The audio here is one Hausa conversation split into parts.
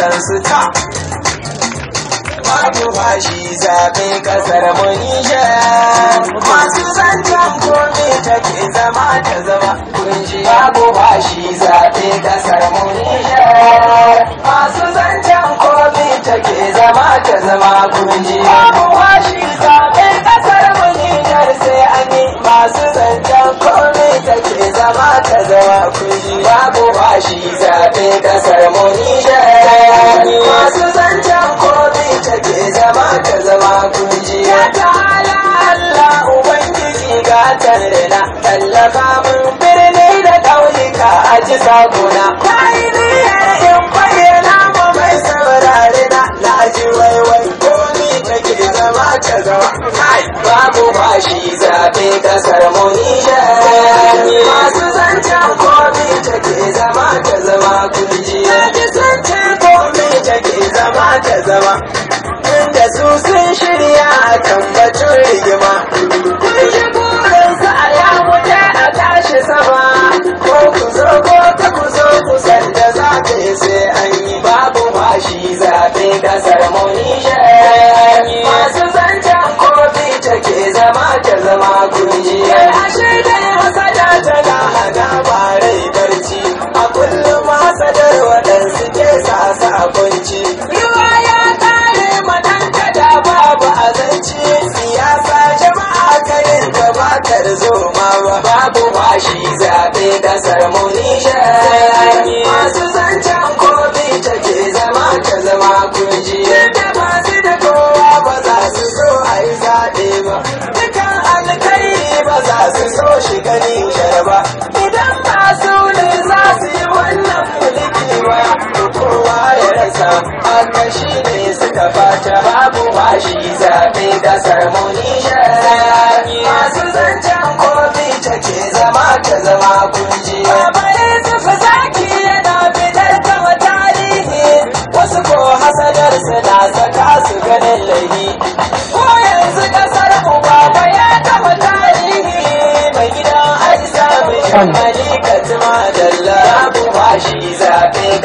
kansu ta babu fashi zaɓe ƙasar mu masu zancen kome take zama ta zama kunji babu fashi zaɓe ƙasar mu Nijar masu zancen komi take zama ta zama kunji babu fashi zaɓe ƙasar mu Nijar sai an yi masu zancen komi take zama ta zama kunji babu fashi zaɓe ƙasar mu Nijar ni masu zancen komi take zama ka zama kunji ya ta'ala Allah ubangiji ga tarina tallaka mun birni da ƙauyuka a ji sakuna ta yi niyyar bayyana ma mai saurare na na ji waiwai ta ke zama ka zama babu bashi zaɓe kasar mu Nijar masu zancen komi take zama ka zama kunji ta zama kunji ashe dai hasada tana hana barai barci a kullum hasadar waɗansu ke sasa sa kunci ruwa ya kare mananta da babu azanci siyasa jama'a karin gabatar zoma ba babu bashi zaɓe kasar mu nishar masu zancen kofi ke zama ta zama kunji da masu kowa ba za su so a yi zaɓe ba so shiga Nijar Idan masu ne za su yi wannan mulki ba, kowa ya rasa haka shi ne suka fata babu washi zaɓe da mu Nijar. Masu zancen kofi ce zama ta zama kunji.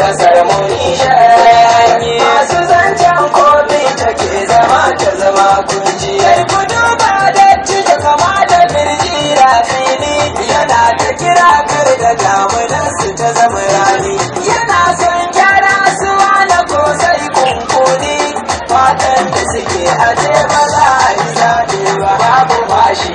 Hassan. Masu zancen komi take zama ta zama kunji. Kai ku duba datti da kama da birji rafini yana ta kira kar da damunan su ta zama rani. Yana son gyara su wani ko sai kunkuni fatan da suke aje ba za a yi zaɓe ba babu bashi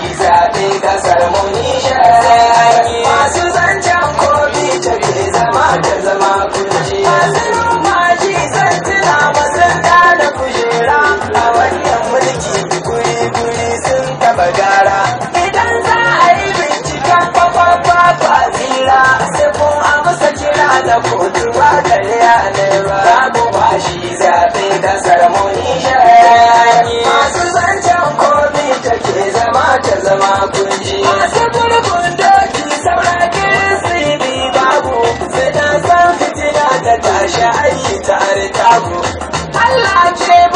kudu ba kariya ne ba mu ba zaɓe kasar mu nishar masu zancen komi take zama ta zama kunji masu gurgun doki saurake sirri babu sai san fitina ta tashi aiki ta artabu Allah ce